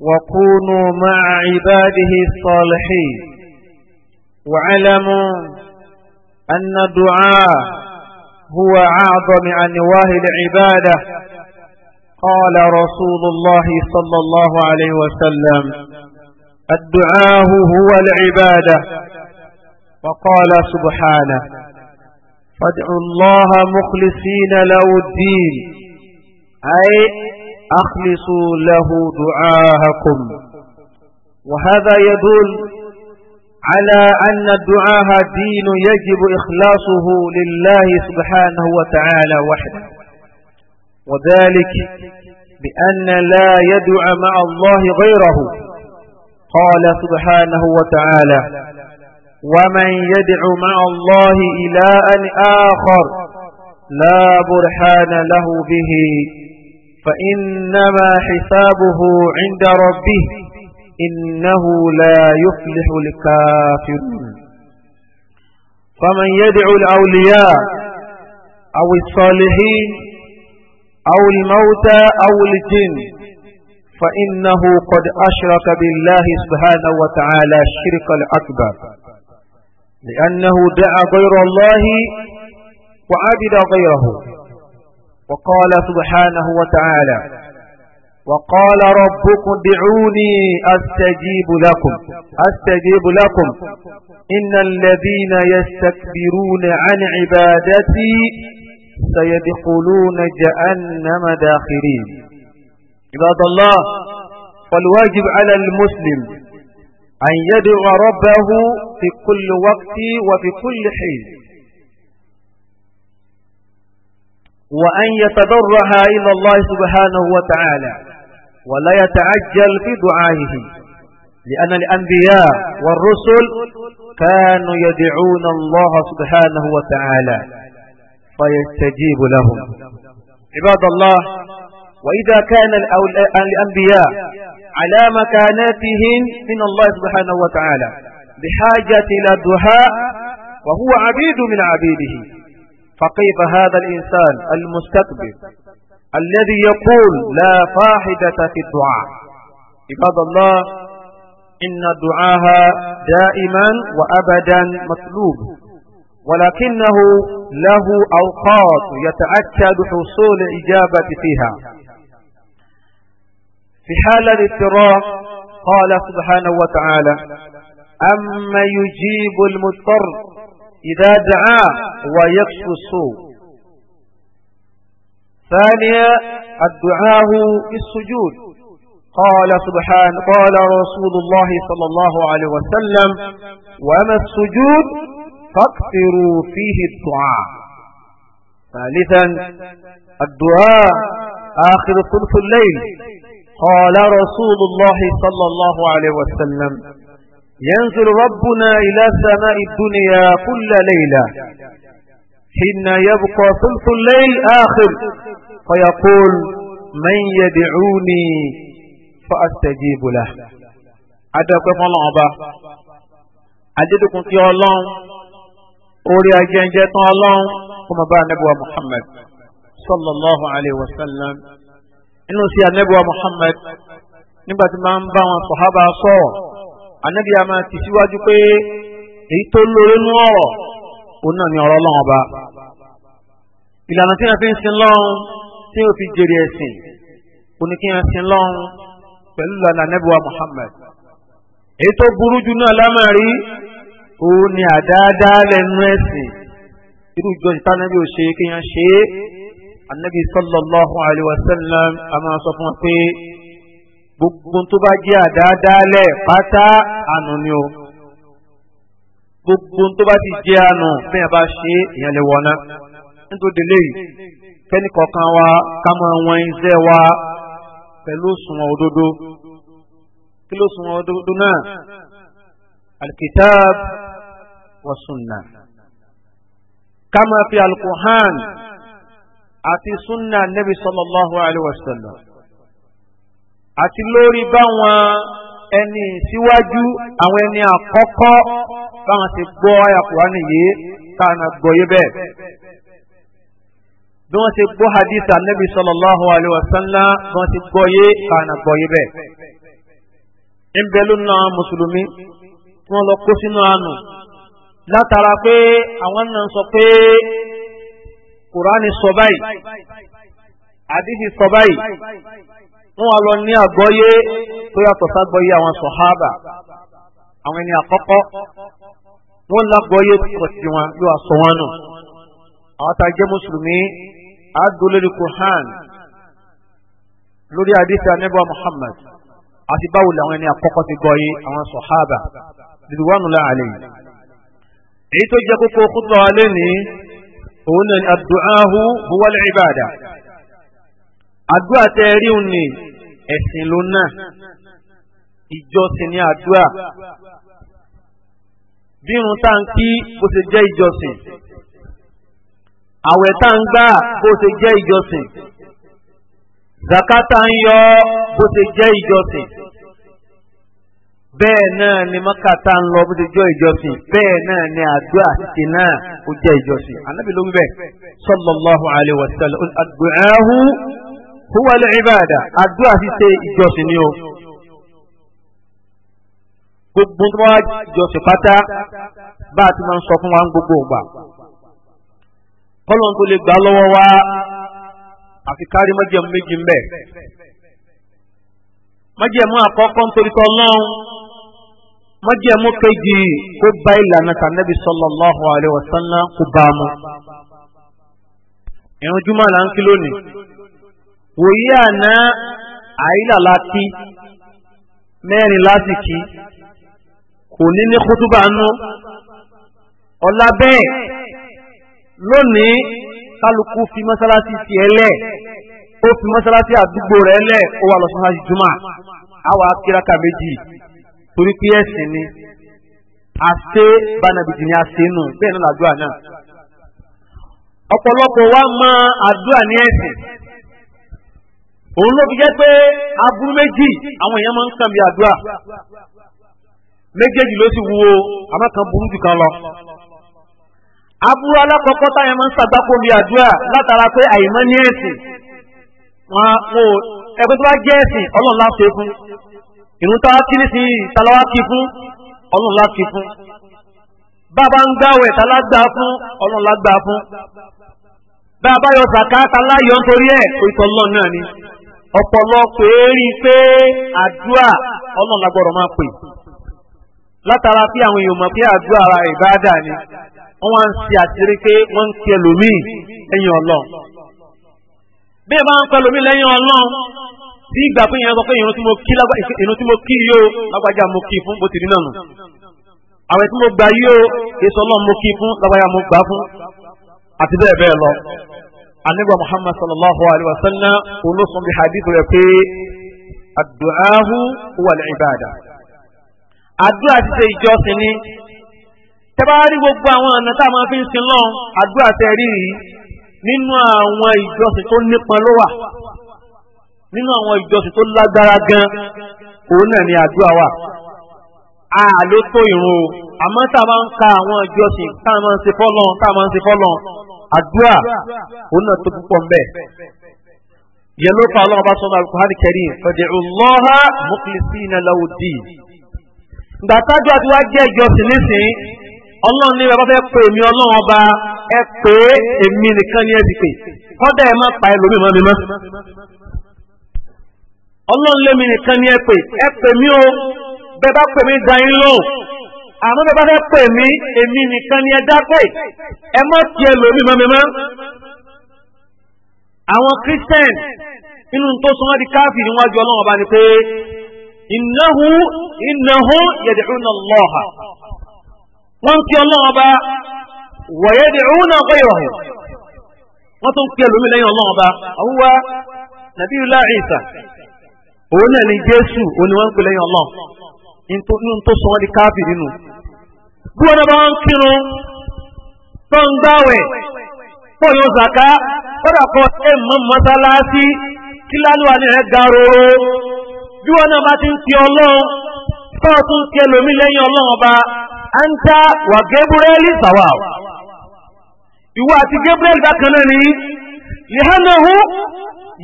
وكونوا مع عباده الصالحين وعلموا أن الدعاء هو أعظم أنواه العبادة قال رسول الله صلى الله عليه وسلم الدعاء هو العبادة وقال سبحانه فادعوا الله مخلصين له الدين أي أخلصوا له دعاءكم وهذا يدل على أن الدعاء دين يجب إخلاصه لله سبحانه وتعالى وحده وذلك بأن لا يدعى مع الله غيره قال سبحانه وتعالى ومن يدع مع الله إلى أن آخر لا برهان له به فإنما حسابه عند ربه إنه لا يفلح الكافرون فمن يدعو الأولياء أو الصالحين أو الموتى أو الجن فإنه قد أشرك بالله سبحانه وتعالى الشرك الأكبر لأنه دعا غير الله وعبد غيره وقال سبحانه وتعالى وقال ربكم دعوني أستجيب لكم أستجيب لكم إن الذين يستكبرون عن عبادتي سيدخلون جهنم داخرين عباد الله فالواجب على المسلم أن يدعو ربه في كل وقت وفي كل حين وأن يتضرها إلى الله سبحانه وتعالى ولا يتعجل في دعائه لأن الأنبياء والرسل كانوا يدعون الله سبحانه وتعالى فيستجيب لهم عباد الله وإذا كان الأنبياء على مكاناتهم من الله سبحانه وتعالى بحاجة إلى الدعاء وهو عبيد من عبيده فكيف هذا الإنسان المستكبر الذي يقول لا فاحدة في الدعاء عباد الله إن دعاها دائما وأبدا مطلوب ولكنه له أوقات يتأكد حصول إجابة فيها في حال الاضطرار قال سبحانه وتعالى أما يجيب المضطر إذا دعا ويكشف السوء ثانيا الدعاء بالسجود قال سبحان قال رسول الله صلى الله عليه وسلم وما السجود فاكثروا فيه الدعاء ثالثا الدعاء آخر ثلث الليل قال رسول الله صلى الله عليه وسلم ينزل ربنا إلى سماء الدنيا كل ليلة حين يبقى ثلث الليل آخر فيقول من يدعوني فأستجيب له adẹ́pẹ́ fún ọlọ́run ọba adédùkún tí ọlọ́run orí ajẹ́njẹ́ tán ọlọ́run fún bàbá anábíwá muhammad sallallahu alayhi wa sallam inú sí anábíwá muhammad nígbà tí máa ń bá wọn sọ̀hábà sọ̀rọ̀ anabi a máa ti síwájú pé èyí tó lóore nú ọ̀rọ̀ òun náà ni ọ̀rọ̀ Ọlọ́run ọba ìlànà tí wọ́n fi ń sin lọ́run tí wọ́n fi jèrè ẹ̀sìn oníkíyàn sin lọ́run pẹ̀lú lọ́nà anabiwa Muhammad èyí tó burú jù náà lámàrí òun ni àdáadáa lẹ́nu ẹ̀sìn irú ìjọsìn tánábì ò ṣe kéèyàn ṣe anabi sallallahu alayhi wa a máa sọ fún wa pé gbogbo tó bá jẹ́ àdáadáalẹ̀ pátá ànú ni o gbogbo tó bá ti jẹ́ ànú fẹ́yìn bá ṣe èèyàn lè wọ̀ná nítorí léyìí kẹ́ni kọ̀ọ̀kan wa ká máa wọn iṣẹ́ wa pẹ̀lú òṣùwọ̀n òdodo kí ló òṣùwọ̀n òdodo náà alkitab wa ká máa fi alukuhan àti sunna nabi sallallahu alayhi wa sallam. àti lórí báwọn ẹni síwájú àwọn ẹni àkọ́kọ́ báwọn ti gbọ́ ayàkùrá nìyí káàna gbọ́ yé bẹ́ẹ̀. bí wọ́n ti gbọ́ hadith anabi sallallahu alayhi wa sallam bí wọ́n ti gbọ́ yé káàna gbọ́ yé bẹ́ẹ̀. ń bẹ mùsùlùmí tí wọ́n lọ kó sínú àánú látara pé àwọn náà sọ pé kùránì sọ báyìí àdìsí sọ báyìí. wọ́n wá lọ ní àgbọ́yé tó yàtọ̀ ságbọ́yé àwọn sọ̀hábà àwọn ẹni àkọ́kọ́ wọ́n lágbọ́yé pọ̀ sí wọn yóò wá sọ wọn nù. àwọn tá a jẹ́ mùsùlùmí àádó lórí lórí àdìsí anábọ̀ Muhammad àti báwo làwọn ẹni àkọ́kọ́ ti gbọ́yé àwọn sọ̀hábà ridwanullahi alayhi. èyí tó jẹ́ kókó khutbah wa lẹ́nìí òun náà ni ad-du'ahu huwa àdúrà tẹ ẹ ríun ni ẹ̀sìn ló náà ìjọsìn ni àdúrà bírun tá à ń kí bó ṣe jẹ́ ìjọsìn àwẹ̀ tá à ń gbà bó ṣe jẹ́ ìjọsìn zakata ń yọ bó ṣe jẹ́ ìjọsìn bẹ́ẹ̀ náà ni mọ́kàtà ń lọ bó ṣe jẹ́ ìjọsìn bẹ́ẹ̀ náà ni àdúrà títí náà ó jẹ́ ìjọsìn anábì ń bẹ̀ sallallahu alaihi wasallam àdúrà huwa al-ibada àdúrà ṣíṣe ìjọsìn ni o gbogbo tó wá jọsìn pátá a ti gbogbo ògbà kọ́lọ́n tó lè gbà lọ́wọ́ wa àfi kárí májẹ̀mú méjì ń bẹ májẹ̀mú àkọ́kọ́ nítorí tọ́ lọ́hún májẹ̀mú kejì wòye àná àìlà láti mẹ́rin láti kí kò ní ní kútúbà nú ọ̀la bẹ́ẹ̀ lónìí kálukú fi mọ́sálásí ti ẹlẹ́ ó fi mọ́sálásí àdúgbò rẹ̀ lẹ̀ ó wà lọ́sọ́sá jùmọ̀ àwa kíráka méjì torí pé ẹ̀sìn ni àṣe bánabìtì ni àṣe nù bẹ́ẹ̀ náà làdúrà náà ọ̀pọ̀lọpọ̀ wa mọ àdúrà ní ẹ̀sìn. òun ló fi jẹ́ pé aburú méjì àwọn èèyàn máa ń kàn àdúrà méjèèjì ló sì wúwo àmọ́ kan burú jù kan lọ. aburú alákọ̀ọ́kọ́ táyẹn máa ń àdúrà látara pé àìmọ́ ní ẹ̀sìn wọn ò ẹgbẹ́ tó bá jẹ́ ẹ̀sìn ọlọ́run fún tá a kí ní sìn ọ̀pọ̀lọpọ̀ èrí pé àdúà ọlọ́run lágbọ́dọ̀ máa pè látara pé àwọn èèyàn mọ̀ pé àdúà ara ìbáàdà ni wọ́n wá ń ṣe àtìrí pé wọ́n ń pe ẹlòmíì lẹ́yìn ọlọ́run bí ẹ bá ń pe ẹlòmíì lẹ́yìn ọlọ́run tí ìgbà pé ìyẹn sọ pé ìrún tí mo kí yóò lágbájá mo kí fún bó ti rí náà nù àwẹ̀ tí mo gbà yóò èso ọlọ́run mo kí fún lágbájá mo gbà fún àti bẹ́ẹ̀ bẹ́ẹ̀ lọ anigba muhammad sallallahu alaihi wa sallam olóṣùn bí hadith rẹ pé adu'ahu wal ibada àdúrà ti ṣe ìjọsìn ni tẹ́bárí gbogbo àwọn ọ̀nà tá a máa fi ń sin lọ́n àdúrà tẹ rí yìí nínú àwọn ìjọsìn tó nípọn ló wà nínú àwọn ìjọsìn tó lágbára gan òun náà ni àdúrà wà a ló tó ìrun o àmọ́ tá a máa ka àwọn ìjọsìn tá a máa ń ṣe fọ́lọ́n tá a máa ń ṣe àdúrà òun náà tó púpọ̀ ń bẹ̀. yẹn ló fa ọlọ́run bá sọ náà alukóhán kẹrin fad'u Allaha mukhlisina lahu ddin. ìgbà tájú àdúrà jẹ́ ìjọsìn nísìn ọlọ́run ní bàbá fẹ́ pè mí ọlọ́run ọba ẹ pé èmi nìkan ni ẹ ti pè kọ́dà ẹ má pa ẹlòmíì mọ́ mi mọ́. ọlọ́run lémi nìkan ni ẹ pè ẹ pè mí o bẹ́ẹ̀ bá pè mí dá yín lóhùn àmọ́ bẹ́ẹ̀ bá fẹ́ pè mí èmi nìkan ni ẹ dá pé ẹ mọ́ tiẹ̀ lómi mọ́mímọ́. àwọn christian inú tó súnmọ́ di káfí níwájú ọlọ́run ọba ni pé innahu innahu yad'una Allah wọ́n ń kí ọlọ́run ọba wa yad'una ghayrahu wọ́n tún kí ẹlòmí lẹ́yìn ọlọ́run ọba àwùwá nàbíyulá Ìsá òun náà ni Jésù òun ni wọ́n ń pè lẹ́yìn ọlọ́run inú tó sọ wọ́n di káfìrí nù. bí wọ́n náà bá ń kírun tó ń gbáwẹ̀ tó yóò zàká kódà kọ ẹ̀ mọ́ mọ́sálásí kí lálùwà ní ẹ̀ ga roro bí wọ́n náà bá ti ń ti ọlọ́run tó tún ti ẹlòmí lẹ́yìn ọlọ́run ọba à wà gébúrẹ́lì sàwà. ìwọ àti gébúrẹ́lì bákan náà ní ìhánahu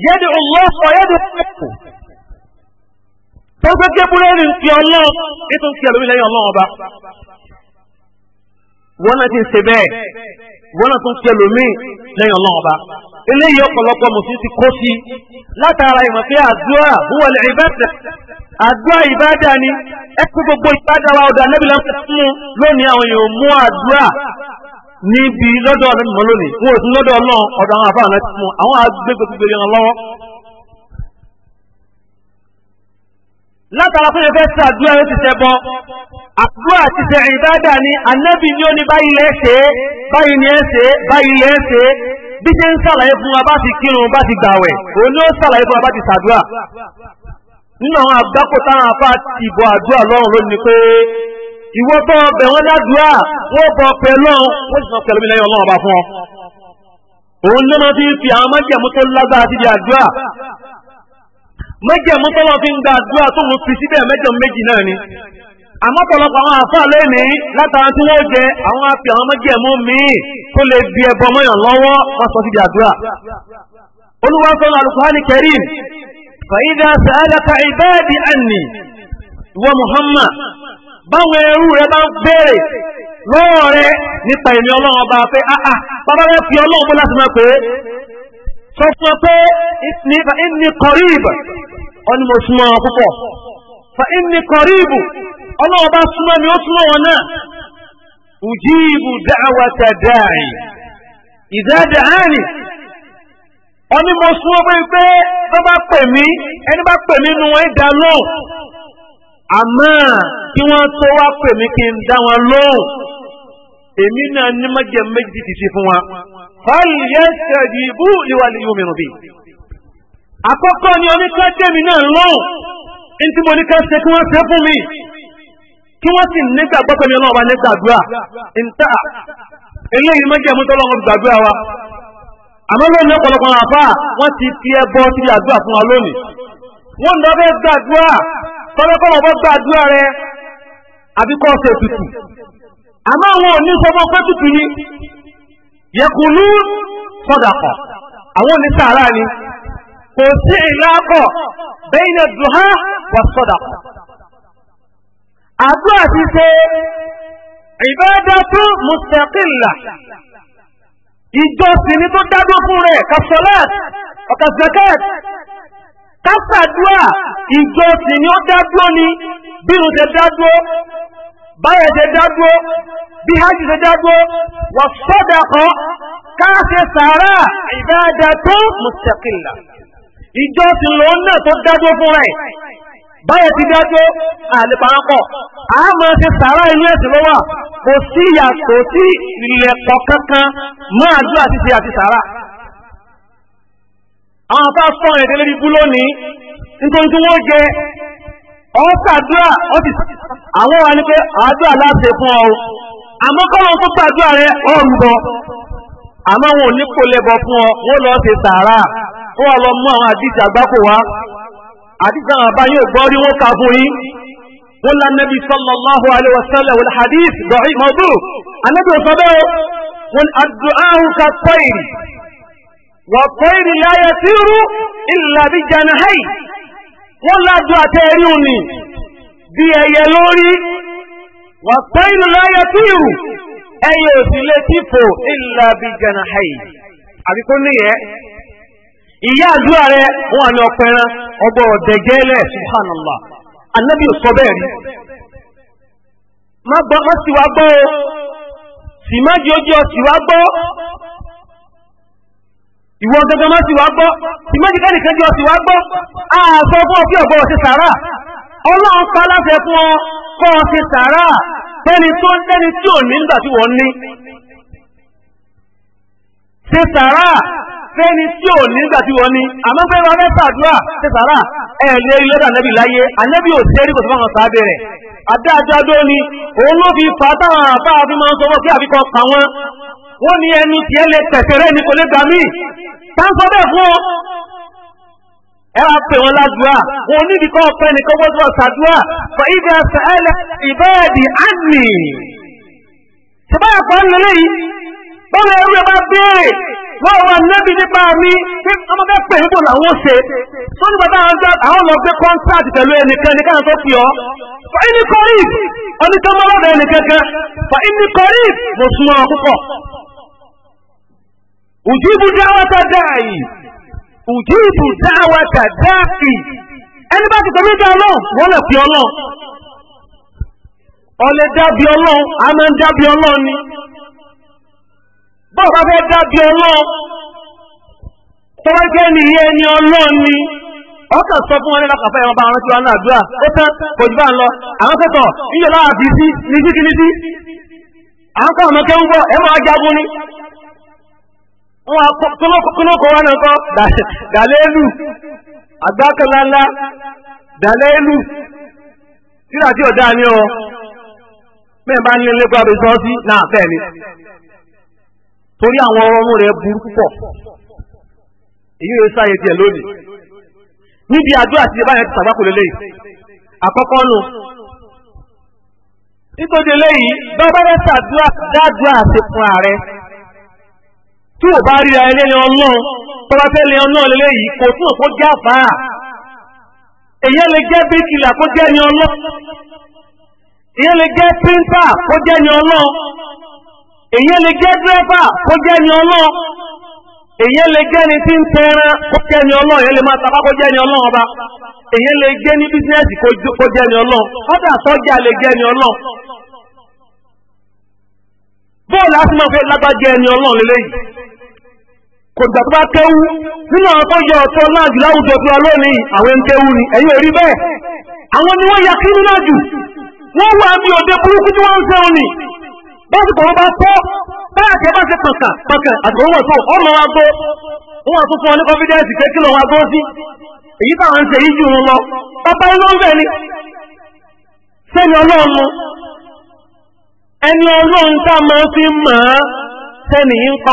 yẹ́dùn lọ́sọ̀ yẹ́dùn lọ́sọ̀ tó gbé gébúrẹ́lì ń fi ọlọ́run ètò ń fi ẹ̀lómi lẹ́yìn ọlọ́run ọba wọ́n náà ti ń ṣe bẹ́ẹ̀ wọ́n náà tún fi ẹ̀lómi lẹ́yìn ọlọ́run ọba eléyìí ọ̀pọ̀lọpọ̀ mùsùlùmí ti kó sí látara ìmọ̀ pé àdúrà wúwọlẹ̀ ìbẹ́sẹ̀ àdúrà ìbádà ni ẹ kú gbogbo ìbádà wa ọ̀dà nẹ́bìlá fún lónìí àwọn èèyàn mú àdúrà níbi lọ́dọ̀ ọ̀dọ̀ mọ́ lónìí wọn ò sí lọ́dọ̀ ọlọ́run ọ̀dọ̀ àwọn látara fún ẹfẹ́ sí àdúrà yóò ti tẹ bọ́ àdúrà ti tẹ ìbádà ni ànábì ni ó ní báyìí lẹ́ ṣe báyìí ni ẹ ṣe báyìí lẹ́ ṣe bí ṣe ń sàlàyé fún wa bá ti kírun bá ti gbàwẹ̀ òun ló sàlàyé fún wa bá ti sàdúrà nínú àwọn àgbákò táwọn afá ti àdúrà lọ́rùn lónìí pé ìwọ bọ ọbẹ̀ wọn ládùúrà wọ́n bọ ọpẹ lọ́rùn wọ́n sì sọ pẹ̀lú mi lẹ́yìn ọlọ́run ọba fún ọ òun ló máa fi fi àwọn májèmú tó lágbára ti di àdúrà mẹ́jẹ̀mú tọ́lọ́ fi ń gba àdúrà tó ń fi síbẹ̀ meji méjì náà ni àmọ́ pọ̀lọpọ̀ àwọn àfáà lónìí látara tí wọ́n jẹ àwọn afi àwọn mẹ́jẹ̀mú míì kó lè di ẹbọ mọ́yàn lọ́wọ́ wọ́n sọ síbi àdúrà olúwa sọ alukuhani fàyídà sàádàkà muhammad ẹrú rẹ bá ń lọ́wọ́ rẹ nípa ìmí sọ fún pé nípa inni kọ̀ríbù ọni mo súnmọ́ wọn púpọ̀ fa inni kọ̀ríbù ọlọ́wọ́ súnmọ́ mi ó súnmọ́ wọn náà ujibu da'wata da'i idha da'ani ọni mo súnmọ́ pé pé bá pè mí ẹni bá pè mí nu wọn lóhùn àmọ́ kí wọ́n tó wá pè mí kí n dá wọn lóhùn. èmi náà ní májẹ̀ méjì ti ṣe fún wa. kọ́ọ̀lù yẹn ṣẹ̀dí ibú ìwà lè yóò mìíràn bí. àkọ́kọ́ ni oníkà tẹ̀mí náà lọ́wọ́ ntí mo ní ká ṣe kí wọ́n ṣe fún mi kí wọ́n sì nígbà gbọ́tọ̀ mi ọlọ́wọ́ ní gbàdúrà ntà eléyìí májẹ̀ mú tọ́lọ́wọ́ gbàdúrà wa. àmọ́ lónìí ọ̀pọ̀lọpọ̀ àfà wọ́n ti fi ẹbọ sí àdúrà fún wa lónìí. wọ́n lọ fẹ́ gbàdúrà tọ́lọ́kọ́ wọn bọ́ gbàdúrà rẹ àmọ́ àwọn òní sọmọ pẹ́tùtù ni yẹkùnú sọdàkọ̀ àwọn òní sàárà ni kò sí ìlàkọ̀ bẹ́yìnà dùhá wà sọdàkọ̀. àdúrà ti ṣe ìbádàtú mustaqilla ìjọsìn ni tó dádó fún rẹ̀ kàṣọlát ọ̀kàṣẹkẹt kásàdúà ìjọsìn ni ó dádó ni bí irun ṣe dádó báyẹ̀ ṣe dádúró bí hajj ṣe dádúró wà sọ́dọ̀kọ́ káàṣẹ sàárà ìbáadà tó mustaqilla ìjọ ti lọ náà tó dádúró fún rẹ̀ báyẹ̀ ti dádúró àlepàápọ̀ a máa ṣe sàárà inú ẹ̀sìn ló wà kò sí yàtọ̀ sí ìlẹ̀pọ̀ kankan máa dú àti ṣe àti sàárà àwọn afáfọ́ ẹ̀dẹ́lẹ́bí lónìí nítorí tí wọ́n jẹ ọ̀n sàdúrà wọ́n ti àwọn wà ní pé àdúrà láti fún ọ àmọ́ kọ́lọ́ tó gbàdúrà rẹ ọ̀rùn bọ̀ àmọ́ wọn ò ní kó lẹ́bọ̀ fún ọ wọn lọ ṣe sàárà wọn lọ mú àwọn àdìsí àgbákò wá àdìsí àwọn àbá yóò gbọ́ rí wọn kà fún yín wọn la nabi sallallahu alayhi wa sallam wal hadith dọ̀rí mọ́tò anabi òsọ́dọ̀ wọn addu'ahu ka tayr wa tayr la yatiru illa bi janahay. wọ́n àtẹ àtẹ́rí òní bí ẹyẹ lórí wà pẹ́yìn láyé tí ẹyẹ òsì tífò ìlà bí àbíkó níyẹ ìyá àdúrà rẹ wọn àmì ọpẹran ọgbọ ọdẹgẹlẹ subhanallah anabi sọ bẹ́ẹ̀ rí má sì wá sì má sì wá ìwọ gangan máa ti wá gbọ́ ìmọ́jìká nìkan jọ ti wá gbọ́ ààsọ fún ọ̀fí ọ̀gbọ́ ọ̀sẹ̀ sàárà ọlọ́run pa láfẹ́ fún ọ kọ́ ọ̀sẹ̀ sàárà tẹ́ni tó tẹ́ni tí ò ní nígbà tí wọ́n ní ṣe sàárà tẹ́ni tí ò ní nígbà tí wọ́n ní àmọ́ fẹ́ ra mẹ́ta àdúrà ṣe sàárà ẹ̀ lé ilé dà nẹ́bì láyé ànẹ́bì ò sẹ́rí kò tó máa sáábẹ̀ rẹ̀ adájádó ni òun ló fi fà táwọn àbá àfi máa ń sọ wọ́n sí àfikọ́ pa wọ́n wọ́n ní ẹnu tiẹ́ lè tẹ̀sẹ̀rẹ́ ni kò lè gbà míì sáńsọ bẹ́ẹ̀ fún ọ ẹ wá pè wọn ládùúà wọn ò níbi kọ́ ọpẹ nìkan gbọ́dọ̀ ṣàdúà fọ ìdí ẹsẹ̀ ẹlẹ ìbẹ́ẹ̀dì àmì ṣùgbọ́n ẹ̀kọ́ ń lélẹ̀ yìí bọ́ọ̀lù ẹrú ẹ bá béèrè wọ́n wà nẹ́bí nípa mi tí ọmọ bẹ́ẹ̀ pè níbo làwọn ṣe tó ní bàbá àwọn ọjọ́ àwọn lọ gbé kọ́ńtáàtì pẹ̀lú ẹnìkan ẹnìkan tó fi ọ́ fọ ìní kọ́rí ọdún tó mọ́ ujibu dáwàtà dáàyì ujibu dáwàtà dáàkì ẹni bá ti tọ́lú dá ọlọ́run wọ́n lè fi ọlọ́run ọlẹ́ dábì ọlọ́run a máa ń dábì ọlọ́run ni bọ́ọ̀ bá fẹ́ dábì ọlọ́run tọ́wọ́jẹ́ nìyẹn ni ọlọ́run ni ọkà sọ fún wọn nípa kàfà ẹ̀wọ̀n bá wọn tí wọn náà dúrà ó tán kò jù bá ń lọ àwọn kẹ́kọ̀ọ́ níjọba àbí sí ní síkìlítì àwọn kọ́ àmọ́kẹ́ ń bọ̀ ẹ̀ máa jagun ni nwa akọkọlọkọ wa nà kọ dàlẹ́lù agbákanláńlá dàlẹ́lù tí ọ̀dá ni ọ mẹba bá nílé lẹ́kọ̀ọ́ na sọ́ọ́sì torí àwọn ọmọ rẹ burú púpọ̀ èyí ló sáyé díẹ lónìí níbi àdúrà ti nù nítorí àti fún ààrẹ tí ò bá ríra ẹlẹ́ni ọlọ́run tó bá fẹ́ lẹ ọlọ́run lélẹ́ yìí kò tún ọ̀pọ̀ jẹ́ àfá èyẹ́ lè jẹ́ bíkìlà kó jẹ́ ni ọlọ́run èyẹ́ lè jẹ́ píńpà kó jẹ́ ni ọlọ́run lè jẹ́ dírẹ́fà kó jẹ́ ni ọlọ́run lè jẹ́ ni tí ń kó jẹ́ ni ọba lè jẹ́ bísíǹsì kó jẹ́ ni ọlọ́run sọ́jà lè jẹ́ ni ọlọ́run bọ́ọ̀lù á máa fẹ́ lágbájá ẹni ọlọ́run lélẹ́yìí kò gbà tó bá kéwú nínú àwọn tó yẹ ọ̀tọ̀ náà jù láwùjọ tó ni ẹ̀yin ò bẹ́ẹ̀ àwọn ni wọ́n ya kínú náà jù wọ́n òde burúkú tí wọ́n ń sẹ́wọ̀n ni wọ́n bá tọ́ bẹ́ẹ̀ ṣe ọ jù wọn ni ẹni ọlọ́run tá máa fi mọ̀ sẹ́ni pa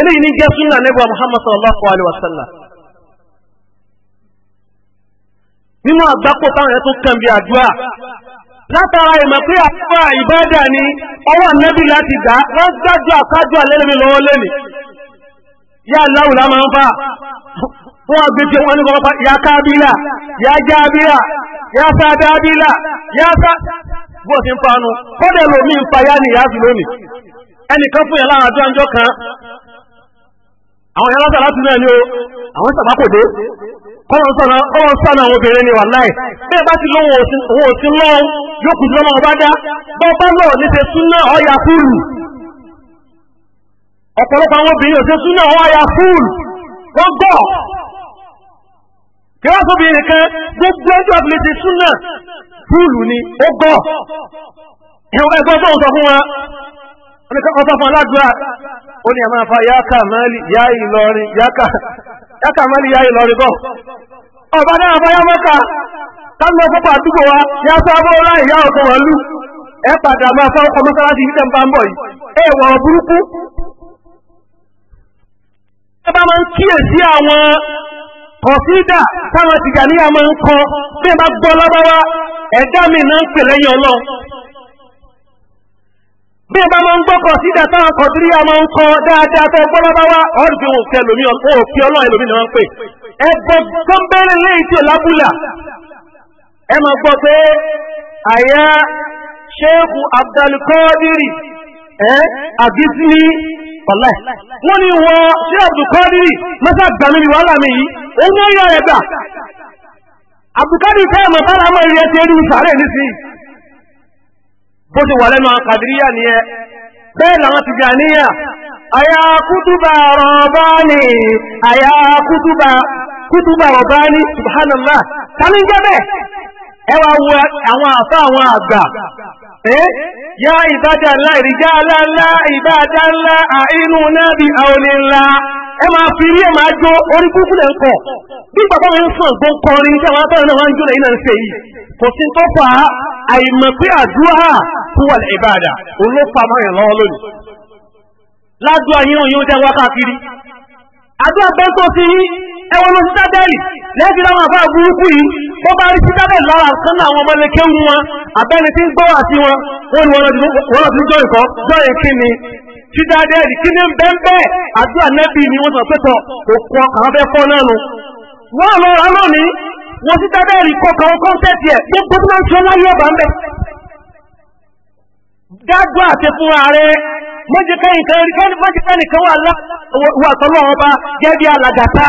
eléyìí ní jẹ́ súnà nígbà Muhammad sallallahu alayhi wa sallam nínú àgbákò táwọn ẹ̀ tó kàn bí àdúrà látara ìmọ̀ pé àdúrà ìbádà ni ọwọ́ ànábì láti gbà wọ́n gbájú àkájú àlẹ́lẹ́mi lọ́wọ́ lẹ́nì yá aláwùlá máa ń fà wọn ní kọ́kọ́ ya kábílà ya jábílà ya sábábílà ya sá bọ́ sí ń kọ́dẹ̀ lómi ń fa yá ni sí lónìí ẹnìkan fún àdúrà kan àwọn yàrá sàlátù náà ni ó àwọn sàbákòdé sọ́nà àwọn obìnrin ni wà láì bẹ́ẹ̀ bá ti lọ́wọ́ yóò kù ọba dá ní ṣe súnà fúlù ọ̀pọ̀lọpọ̀ àwọn obìnrin ò ṣe súnà fúlù wọ́n gbọ́ kí wọ́n nìkan gbogbo ẹjọ́ súnà fúlù ni ó gbọ́ ẹgbẹ́ sọ fún wa oníkà ọ̀tọ̀ fún aládùúrà ó ní àmàfà yáàkà mẹ́lì yá ìlọrin yáàkà mẹ́lì yá ìlọrin bọ̀ ọba náà fáyà mọ́ta tábìlì ọ̀pọ̀pọ̀ àdúgbò wa yá sọ abúrò láì yá ọ̀tọ̀ wọn lù ẹ padà máa fọ́ ọkọ̀ mọ́sálásí yìí tẹ̀m̀bá ń bọ̀ yìí ẹ wọ̀ burúkú ẹ bá máa ń kíyèsí àwọn kọ̀sídà táwọn tìjàníyà máa ń kọ bí ẹ bá gbọ́ lọ́wọ́ ẹ̀dá mi náà ń pè lẹ́yìn ọlọ́run bí ọba máa ń gbọ́kọ̀ sí ìdàtà àkọ̀dúrí a máa ń kọ dáadáa tẹ gbọ́lábáwá ọ̀rùn òfin ẹlòmí òfin ọlọ́run ẹlòmí ni wọ́n ń pè ẹgbẹ́ gbọ́nbẹ́rẹ́ lẹ́yìn tí ò lábúlà ẹ máa gbọ́ pé àyà ṣéèkù abdulkadiri ẹ àbísí ọ̀lẹ́ wọ́n ní wọ ṣé abdulkadiri mẹ́ta gbàmí ni wàhálà mi yìí òun ó yọ ẹ̀ gbà abdulkadiri fẹ́ẹ̀ mọ̀ bó ti wà lẹ́nu àkàdíríyà nìyẹn bẹ́ẹ̀ làwọn ti jàníyà àyà kútùbà rọ̀bánì àyà kútùbà kútùbà rọ̀bánì subhanallah tani jẹ́ bẹ́ẹ̀ ẹ wá wo àwọn àfa àwọn àgbà Eh? ya Ibada, ńlá ìrìjá aláńlá ìbádà ńlá àínú náà bí ńlá ẹ máa fi rí ẹ máa jó orí kúkú ń bí bàbá mi ń kọrin tí àwọn abẹ́rẹ́ náà wá ń jó lẹ́yìn náà ń ṣe yìí kò sí tó fà á àìmọ̀ pé àdúrà fún wà ẹwọ́n lọ sítádẹ́lì lẹ́ẹ̀dì láwọn àbá burúkú yìí wọ́n bá rí sítádẹ́lì lára sánà àwọn ọmọ ẹlẹ́kẹ́ ń wọn àbẹ́ni tí ń gbọ́ àti wọn wọ́n ni wọ́n lọ sí jọ ìkọ́ jọ ìkí ni sítádẹ́lì kí ni bẹ́ẹ̀ àdúrà nẹ́bì ni wọ́n sọ pẹ́tọ̀ òkú àwọn fẹ́ fọ́ náà nu wọ́n lọ rà lónìí wọ́n sítádẹ́lì kọkàn kọ́ńtẹ́ẹ̀tì ẹ̀ gbogbo tó máa ń sọ láyé ọ̀bà ń bẹ̀ àti fún ààrẹ mọ́jẹ́kẹ́ nìkan wà tọ́lọ́wọ́ bá gẹ́gẹ́ alágàtà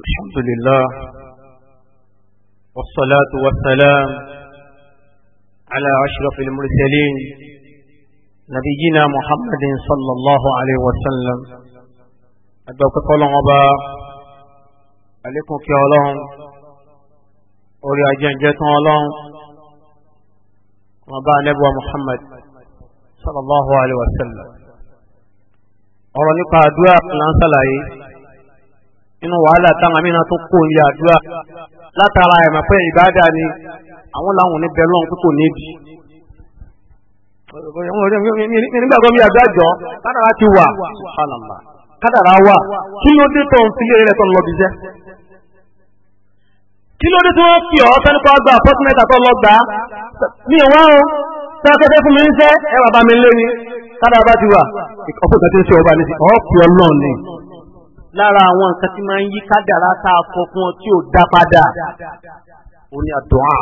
الحمد لله والصلاة والسلام على أشرف المرسلين نبينا محمد صلى الله عليه وسلم أدوك طول غبا عليكم كي أولون أولي أجان جيتون أولون وبا نبوة محمد صلى الله عليه وسلم أولي قادوا أقلان صلى nínú wàhálà táwọn amínà tó kó ní àdúrà látara ẹ̀mọ̀ pé ìbáàdà ni àwọn làwọn ní bẹ́ẹ̀ lọ́hùn kókò níbi. nígbàgbọ́ mi àdúrà jọ kádàrá ti wà subhanallah kádàrá wà kí ló dé tó ń filé rẹ̀ tó ń lọ bí jẹ́. kí ló dé tó ń fi ọ́ sẹ́ni kan gba apọ́tímẹ́tà tó lọ gbà á mi ò wá o sọ kẹ́kẹ́ fún mi ń sẹ́ ẹ bàbá mi lé ni kádàrá bá ti wà ọ̀pọ̀ ìtàkùn ṣe ọba ní lára àwọn nǹkan tí máa ń yí kádàrá tá a kọ fún ọ tí ò dá padà òun ni àdúrà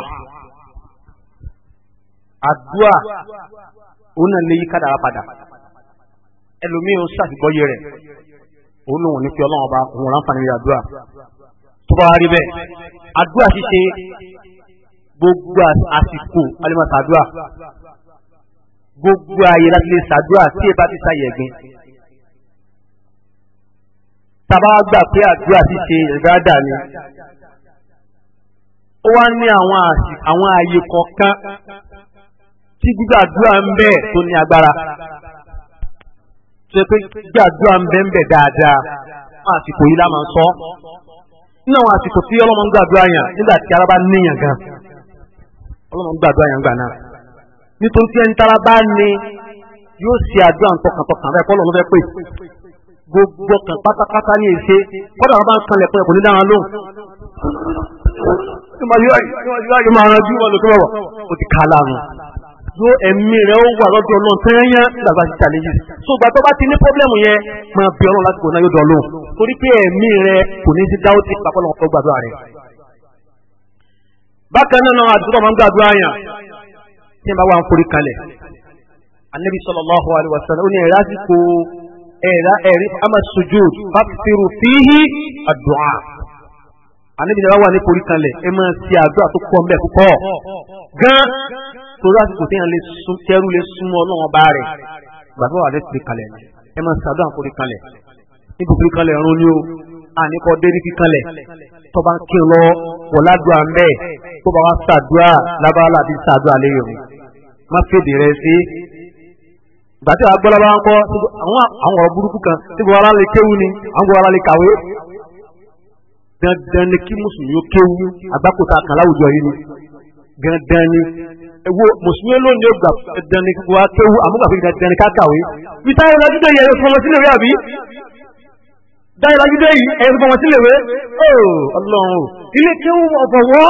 àdúrà òun náà lè yí kádàrá padà ẹlòmíì ń ṣàtìgbọ́yé rẹ̀ òun lòun ní fi ọlọ́run ọba òun ránfààní rẹ̀ àdúrà tó bá rí bẹ́ẹ̀ àdúrà ṣíṣe gbogbo àsìkò alimọ̀sàdúrà gbogbo ayé láti lè ṣàdúrà tí ẹ bá ti ṣàyẹ̀gbìn tàbá gbà pé àdúrà ṣíṣe ìbádà ni ó wá ní àwọn àwọn ààyè kọ̀ọ̀kan tí gbígbàdúrà ń bẹ tó ní agbára ṣe pé gbígbàdúrà ń bẹ ń bẹ dáadáa fún àsìkò yìí lámà ń sọ nínú àwọn àsìkò tí ọlọ́mọ ń gbàdúrà yàn nígbà tí ara bá níyàn gan ọlọ́mọ ń gbàdúrà yàn gbà náà nítorí tí ẹni tára bá ní yóò ṣe àdúrà ń tọkàntọkàn bẹ́ẹ̀ kọ́ lọ́nà fẹ́ pè gbogbo kan pátápátá ní èsè kọ́dà wọn bá ń kanlẹ̀ pẹ́ kò ní dáhùn lóhùn. yóò máa rán bí wọn lò tó wọ̀ o ti kàá láàrún. yóò ẹ̀mí rẹ̀ ó wà lọ́dọ̀ ọlọ́run tẹ́yẹ́yẹ́ nígbà tí tàlẹ́ yìí. so ìgbà tó bá ti ní pọ́blẹ́mù yẹn máa bí ọlọ́run láti gbọ̀nà yóò dọ̀ lóhùn. torí pé ẹ̀mí rẹ̀ kò ní ti dáwọ́ ti papọ̀ lọ́wọ́ gbàdúrà rẹ̀. bákan náà àdúrà máa ń gbàdúrà yàn tí ẹ bá wà ń forí kalẹ̀. anabi sallallahu alaihi wasallam ó ní ẹ̀rásìkò ẹ̀rá ẹ̀rí ama sujud fàfiru fíhí àdùá. àníbi náà wà ní korí kanlẹ̀ ẹ máa ṣe àdúrà tó pọ̀ mbẹ́ púpọ̀ gan torí àsìkò téèyàn lè sún tẹ́rù lè súnmọ́ ọlọ́run ọba rẹ̀ gbàgbọ́ wà lẹ́sìn kanlẹ̀ ẹ máa ṣe àdúrà korí kanlẹ̀ níbi korí kanlẹ̀ ọ̀run ni o àníkọ́ dé ní kíkanlẹ̀ tó bá ń kí n lọ wọ̀lá dùn à ń bẹ́ẹ̀ tó bá wá ṣàdúrà lábàlá àbí ṣàdúrà lẹ́yìn o má fèdè rẹ sí gbàtí wàá gbọ́dọ̀ bá ń kọ́ àwọn ọ̀rọ̀ burúkú kan tí gbogbo ara lè kéwu ni àwọn gbogbo ara lè kàwé. dandan ni kí mùsùlùmí ó kéwu agbákòtà kan láwùjọ yìí ni dandan ni ewo mùsùlùmí lónìí ó gbà dandan ni wàá kéwu àmúgbàfẹ́ dandan ni ká kàwé. ìta ìlú ajúdé yẹn yóò fọwọ́ sílẹ̀ wé àbí ìta ìlú ajúdé yìí ẹ̀yẹ́ fọwọ́ sílẹ̀ wé ọlọ́run ilé kéwu ọ̀bọ̀wọ́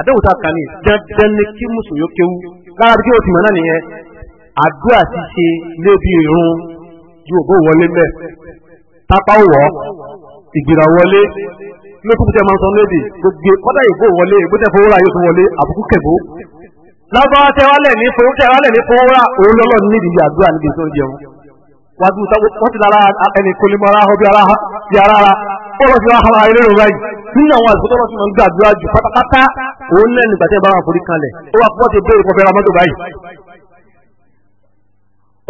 àdéhùn tá a kàn ní dandan ni kí mùsùlùmí kéwú lára bí kí o ti mọ̀ náà nìyẹn àdúrà ti ṣe lébi irun yóò bó wọlé mẹ́ tápá wọ̀ ìgbìrà wọlé lókùn tẹ máa ń sọ lébi gbogbo kọ́dà ìbò wọlé ìbò tẹ fowó ra yóò tún wọlé àbùkù kẹ̀bó lábáwá tẹ wálẹ̀ ní fowó tẹ wálẹ̀ ní fowó ra òun lọ́lọ́ nídìí àdúrà níbi tó jẹun wọ́n ti dára ẹnì kò ní ara ara ó lọ nínú àwọn àlùfọ́tọ́rọ́ tí wọ́n ń gbàdúrà jù pátápátá òun náà nígbà tí ẹ bá wà forí kalẹ̀ ó wà púpọ̀ ti béèrè kọfẹ́ ra mọ́tò báyìí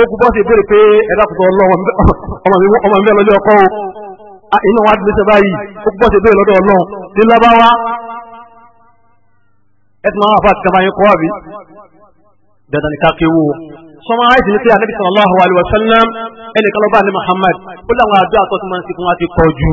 ó kú bọ́ sí ìbéèrè pé ẹ̀dá tuntun ọlọ́wọ́ ọmọ mi lọ́jọ́ ọkọ́ o inú wa dùn sí báyìí ó kú bọ́ sí ìbéèrè lọ́dọ̀ ọlọ́run ní lábáwá ẹ ti máa wà fún àtìkábá yín kọ́ àbí dandan ní kákéwò sọmọ àìsí ní pé anabi sallallahu alaihi wasallam ẹnìkan lọ́ba ní Muhammad ó láwọn àdúrà tó ti máa ń sìnkún wa ti pọ̀ jù.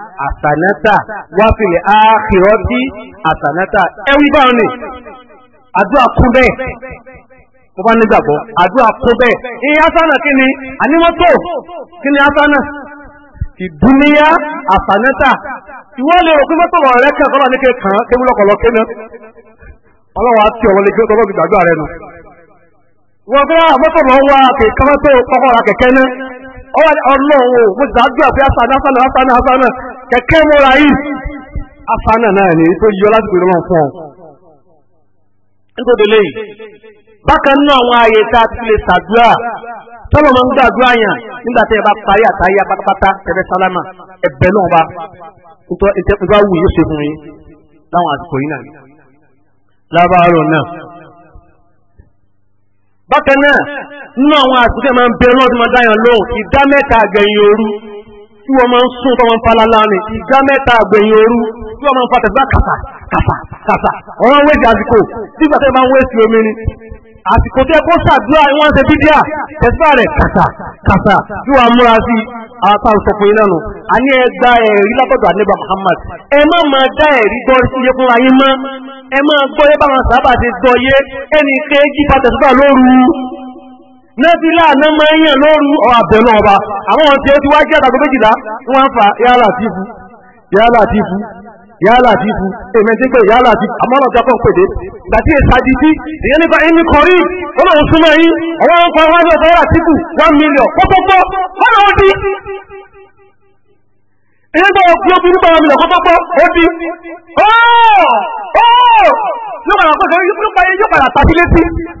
àtànátà wá fìlẹ̀ áàkìrọ́tì àtànátà ẹ̀rí báwọn ni àdúrà kú bẹ́ẹ̀ mo bá nígbàgbọ́ àdúrà kú bẹ́ẹ̀ ìyẹn asánà kí ni àníwọ́tò kí ni asánà ìdúníyá àtànátà ìwọ lè rò pé mọ́tò rẹ̀ rẹ̀ kàn kọ́lá ní kẹkàn kébúlọ́kọ̀lọ́ kéna ọlọ́wọ́ àti ọ̀rọ̀ lè gbé ọlọ́wọ́ gbàgbọ́ rẹ̀ nù wọ́n fẹ́ mọ́tò rẹ̀ wá kẹkàn mọ́tò kọ́kọ́ ra kẹ̀kẹ́ náà ọlọ́wọ́ mo ti dájú àfẹ́ asánà asánà asánà asánà kẹ̀kẹ́ mọ́ra yìí afánà náà ni tó yọ lásìkò ìrọ̀lọ́ fún ọ. nítorí lẹ́yìn bákan náà àwọn ààyè tá a ti lè ṣàdúrà tọ́lọ̀ máa ń gbàdúrà yàn nígbà tí ẹ bá parí àtàyà pátápátá ẹ̀rẹ́ sálámà ẹ̀bẹ̀ náà bá ìtẹ́kùnjọ́ wù yóò ṣe fún yín láwọn àsìkò yìí náà lábàárọ̀ náà. bákan náà nínú àwọn àsìkò máa ń bẹ ọlọ́dún máa dáyàn lóhùn ìdá mẹ́ta àgbẹ̀yìn òru tí wọ́n máa ń sún tọ́wọ́n falala ni ìgbà mẹ́ta àgbẹ̀yìn ooru tí wọ́n máa ń fa tẹ̀síwá kàtà kàtà kàtà ọ̀rọ̀ wéjì àsìkò tí ìgbà tẹ́ bá ń wéṣì omi ni àsìkò tẹ́ kó ṣàdúrà wọ́n ṣe bídíà tẹ̀síwá rẹ̀ kàtà kàtà tí wọ́n múra sí àtàlùsọ̀kùn iná nu a ní ẹ gba ẹ̀rí látọ̀dọ̀ àníbà Muhammad ẹ má máa dá ẹ̀rí gbọ́ sí iye fúnra yín mọ́ ẹ máa gbọ́ yé báwọn sábà ti gbọ́ yé ẹnì kejì pàtẹ́síwá lóru nẹ́fílà náà máa ń yàn lóru ọ̀àbẹ̀ náà ọba àwọn ọ̀n tí ó ti wá jẹ́ àtàkùn méjìlá wọ́n ń fa yálà tífù yálà tífù yálà tífù èmi ti pé yálà tífù àmọ́ ọ̀nà jápọ̀ ń pèdé gbàtí ìsàjì tí ìyẹn nípa ẹni kọrí ó lóun súnmọ́ yín ọwọ́ ń fa wájú ọ̀tọ̀ yálà tífù one million pọ́pọ́pọ́ wọ́n lọ́wọ́ di ìyẹn tó kí obìnrin bá wọn mílíọ̀n pọ́pọ́pọ́ ó di ó ó ló padà pọ̀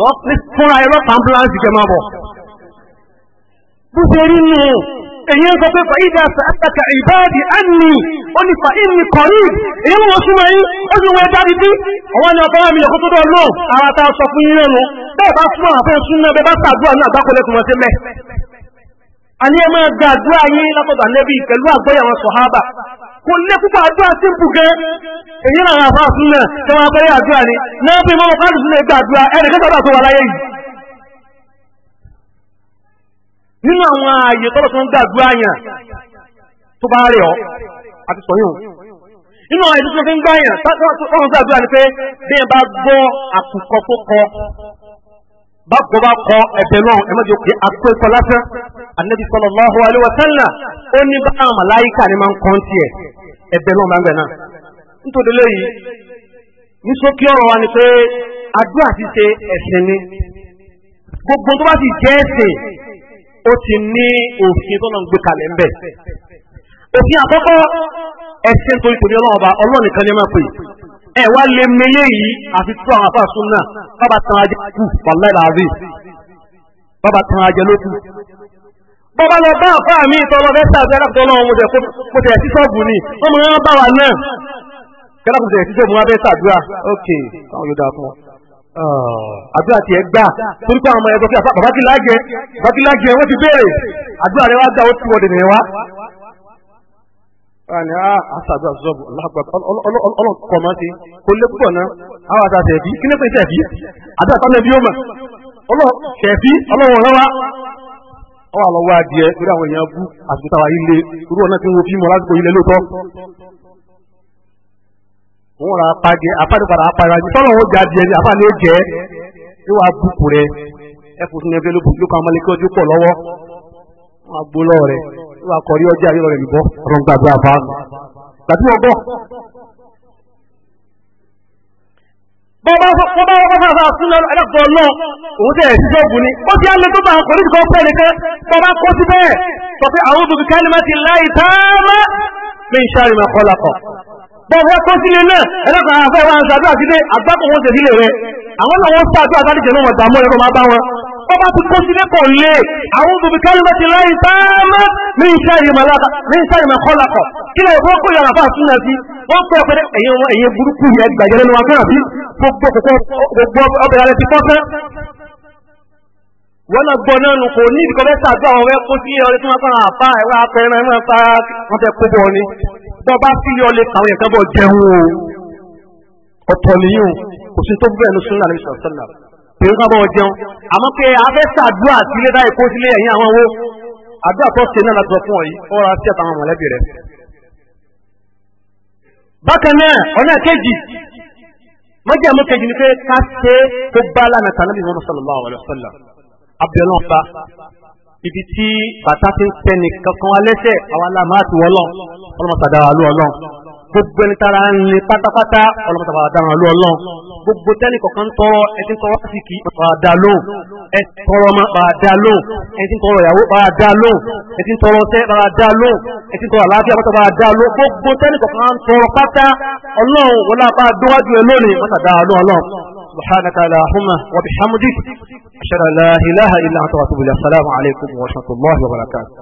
lọ fúnra ẹ̀rọ ambulance kẹ máa bọ̀. bó ṣe rí nù èyí ń sọ pé fàídà sàtàkà ìbáàdì àmì ó ní fa ìmì kọ̀rí èyí wọ́n súnmọ́ yín ó sì wọ́n dárí bí ọwọ́ ni ọkọ̀ mi lọ́kọ́ tó dọ̀ lọ́ọ̀ ara ta sọ fún yín lẹ́nu bẹ́ẹ̀ bá súnmọ́ àfẹ́ súnmọ́ bẹ́ẹ̀ bá sàdúrà náà gbákọ́lẹ́kùn wọn sí mẹ́ àní ẹ máa gba àdúrà yín látọ̀dọ̀ ànẹ́bí pẹ̀lú àgbọ́yà àwọn sọ̀hábà kò lé púpọ̀ àdúrà sí bù èyí náà abẹ́rẹ́ àdúrà ni náà bí mọ́mọ́ káàdì sílẹ̀ gba àdúrà ẹnì kẹta bá tó wà láyé yìí. nínú àwọn ààyè tọ́lọ̀ tó ń gba àdúrà yàn tó bá rẹ̀ ọ́ àti sọ̀yún nínú àwọn ààyè tó ń gba àdúrà tó ń gba àdúrà bákò bá kọ ẹ̀bẹ̀ náà ẹ má jẹ́ pé akpẹ́kọ̀ lásán anabi sallallahu alaihi wa ó ní bá àwọn màláyíkà ni máa ń kọ́ tiẹ̀ ẹ̀bẹ̀ náà máa ń bẹ̀ náà. nítorí ní sókè ọ̀rọ̀ wa ni pé àdúrà ti ṣe ẹ̀sìn ni gbogbo tó bá ti jẹ́ ẹ̀sìn ó ti ní òfin tó gbé kalẹ̀ òfin àkọ́kọ́ ẹ̀sìn ni ẹ wá lè mẹyẹ yìí àfi tó àwọn àfa súnà bàbá tan ajẹ kù wàláì làbí bàbá tan ajẹ ló kù. bàbá lọ bá àfa mi ìtọ́lọ fẹ́ sàbẹ̀ alákòótọ́ náà mo tẹ̀ kó tẹ̀ sí sọ́ọ̀bù ni wọ́n mọ̀ ń bá wa náà kẹ́lá kò tẹ̀ sí sọ́ọ̀bù wọn fẹ́ sàdúrà ok káwọn yóò dáa fún wọn. àdúrà tiẹ̀ gbà torí pé àwọn ọmọ ẹgbẹ́ fún bàbá kí lájẹ bàbá kí lájẹ wọ́n ti béèrè àdúrà rẹ wá gbà ó ti wọ́dẹ̀ ni a ah, asadu azọbu ọlọkọmọsi kò lè púpọ̀ náà àwọn àti àtẹ̀bí kí ní pé tẹ̀bí àti àtàlẹ́bí ó mà ọlọ́kẹ̀bí ọlọ́wọ̀n rẹwà ọwọ́ àlọ́wọ́ adìẹ lórí àwọn èèyàn bú àsìkò táwa yìí lé irú ọ̀nà tí wọ́n fi apa apa apa ni ìwà kọ̀rí ọjà yóò rẹ̀ bọ́ ọ̀rọ̀ gbàgbé àfáàmù gbàtí wọ́n bọ̀. bọ́bá bọ́bá bọ́bá fún lọ́rọ̀ ẹlẹ́gbọ̀n náà òun tẹ̀ ṣiṣẹ́ ògùn ni ó ti á lè tó bá kọ̀rí kan pẹ́ nìkan bọ́bá kó sí bẹ́ẹ̀ sọ pé àwọn òbí kálí má ti láì táàmà fi ń ṣàrì máa kọ́lá kan. bọ́bá kó sí ilé náà ẹlẹ́gbọ̀n àfẹ́ wa ń ṣàdúrà sílé àgbákò wọn ṣèṣílẹ̀ rẹ̀ àwọn làwọn ṣàdúrà sáré jẹ̀ náà wọ̀ ọba ti kó sílé kò lè àwọn obìnrin kálùmọ́ ti láyé sáámá ní iṣẹ́ ìrìnmọ̀ kọ́lákọ̀ kí lè wọ́n kó yàrá fáà súnà sí wọ́n pẹ́ ọ̀pẹ́ ẹ̀yẹ burúkú yẹ gbàjẹ́ lẹ́nu wa fẹ́ràn sí gbogbo ọbẹ̀ rẹ̀ ti fọ́fẹ́ wọ́n náà gbọ́ náà nù kò ní ìdíkọ́ fẹ́ sàdúrà wọn fẹ́ kó sí ọdún tí wọ́n fara àpá ẹ̀rọ apẹ̀rẹ̀ ẹ̀rọ apá wọn fẹ́ kó bọ̀ ni bọ́ bá sí yọ lè kàwọn ẹ̀kan bọ̀ jẹun o ọ̀tọ̀ nìyí o kò sí tó bẹ́ẹ̀ ní sunna ní sọ̀tẹ́lá pẹ̀lú ká bọ́ jẹun àmọ́ pé afẹ́ sàdúrà sílé láì kó sílé ẹ̀yìn àwọn owó àdúrà tó ṣe náà láti sọ fún ọ yìí ọ̀rọ̀ àti àtàwọn mọ̀lẹ́bí rẹ̀. bákan náà ọ̀nà kejì mọ́jẹ́ àmọ́ kejì ni pé ká ṣe tó bá lánàá tàn níbi Muhammad sallallahu alaihi wasallam abdul ọba ibi tí bàtà ti ń tẹnì kankan alẹ́sẹ̀ àwọn alámà àti wọlọ́ ọlọ́mọ gbogbo ẹni tara ń lè pátápátá ọlọ́mọta bàbá dáhùn àlọ́ ọlọ́run gbogbo tẹ́nì kọ̀ọ̀kan ń tọrọ ẹtí ń tọrọ àsìkí bàbá dá lóhùn ẹtí ń tọrọ ọmọ bàbá dá lóhùn ẹtí ń tọrọ ìyàwó bàbá dá lóhùn ẹtí ń tọrọ ọtẹ bàbá dá lóhùn ẹtí ń tọrọ àlàáfíà bàbá bàbá dá lóhùn gbogbo tẹ́nì kọ̀ọ̀kan tọrọ pátá ọlọ́run wọlé apá dọ́wájú ẹ lónìí mọ́tà dá lóhùn لا إله إلا أنت وأتوب عليكم ورحمة الله وبركاته